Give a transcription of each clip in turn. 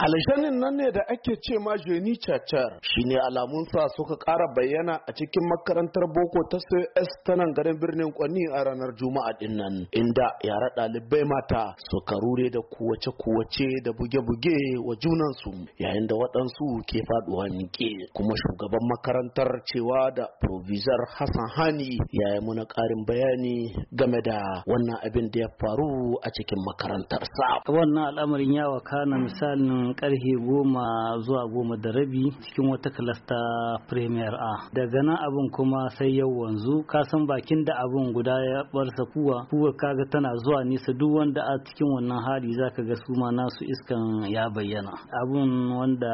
Alshanin nan ne da ake ce ma Jeni cacar shi ne alamun sa suka kara bayyana a cikin makarantar boko ta S ta nan garin birnin Kwani a ranar Juma'a din nan inda yara ɗalibai mata suka rure da kuwace kuwace da buge-buge wa junansu, yayin da waɗansu ke faɗuwa niƙe kuma shugaban makarantar cewa da provisor Hassan Hani ya yi muna ƙarin bayani game da wannan abin da ya faru a cikin makarantar sa. Wannan al'amarin ya wakana misalin misalin karhe goma zuwa goma da rabi cikin wata kalasta ta premier a daga nan abin kuma sai yau wanzu kasan bakin da abin guda ya barsa kuwa kuwa kaga tana zuwa nisa duk wanda a cikin wannan hali zaka ga su ma nasu iskan ya bayyana abin wanda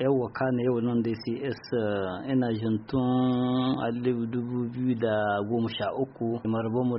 yau waka na yau nan da cs eh, ina jin tun dubu biyu da goma sha uku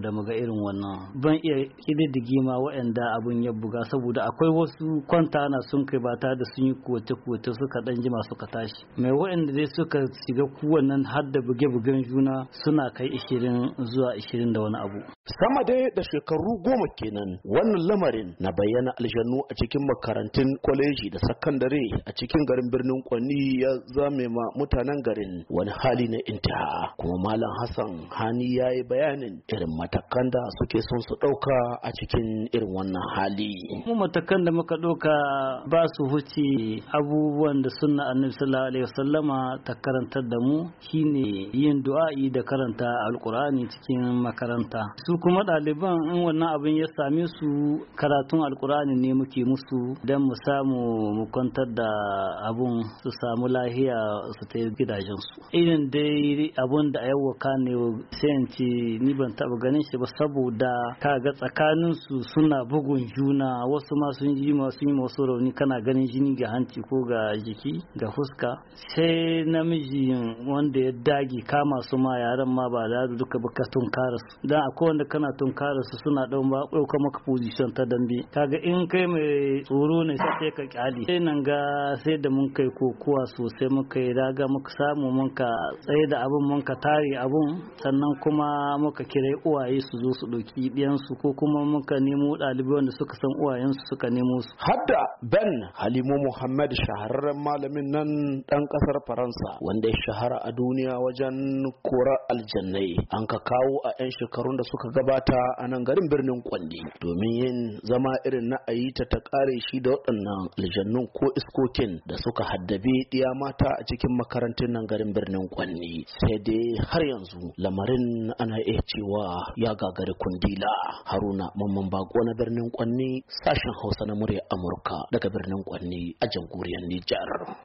da muga irin wannan ban iya kididdige ma waɗanda abun ya buga saboda akwai wasu kwanta na sun kai suka ba ta da sun yi kuwace-kuwace suka dan jima suka tashi mai waɗanda dai suka shiga kowannan har da buge-bugen juna suna kai ishirin zuwa ishirin da wani abu sama dai da shekaru goma kenan wannan lamarin na bayyana aljanu a cikin makarantun kwaleji da sakandare a cikin garin birnin kwani ya zame ma mutanen garin wani hali na intaha kuma malam hassan hani ya yi bayanin irin matakan da suke son su ɗauka a cikin irin wannan hali mu matakan da muka ɗauka ba su huce abubuwan da suna annabi sallallahu alaihi wasallama ta karantar da mu shine yin du'a'i da karanta alkur'ani cikin makaranta su kuma ɗaliban in wannan abin ya same su karatun alkur'ani ne muke musu don mu samu mu kwantar da abun su samu lahiya su ta gidajensu irin dai abun da ayyuka ne sai in ce ni ban taba ganin shi ba saboda ka kaga tsakaninsu suna bugun juna wasu ma sun yi masu yi masu rauni kana ana ganin jini ga hanci ko ga jiki ga fuska sai namijin wanda ya dage kama su ma yaran ma ba da duka ba ka tunkara su dan akwai wanda kana tunkara su suna dan ba ɗauka maka position ta dambe kaga in kai mai tsoro ne sai ka kyali sai nan ga sai da mun kai kokowa sosai mun kai daga muka samu ka tsaye da mun ka tare abun sannan kuma muka kira uwaye su zo su ɗauki su ko kuma muka nemo ɗalibai wanda suka san uwayensu suka nemo su hadda ben kenan halimu muhammad shahararren malamin nan ɗan ƙasar faransa wanda ya shahara a duniya wajen korar aljannai an ka kawo a 'yan shekarun da suka gabata a nan garin birnin kwandi domin yin zama irin na ayi ta ta kare shi da waɗannan aljannun ko iskokin da suka haddabe ɗiya mata a cikin makarantun nan garin birnin kwandi sai dai har yanzu lamarin ana iya cewa ya gagari kundila haruna mamman bako na birnin kwanni sashen hausa na murya amurka daga birnin birnin Kwanni a jamhuriyar Nijar.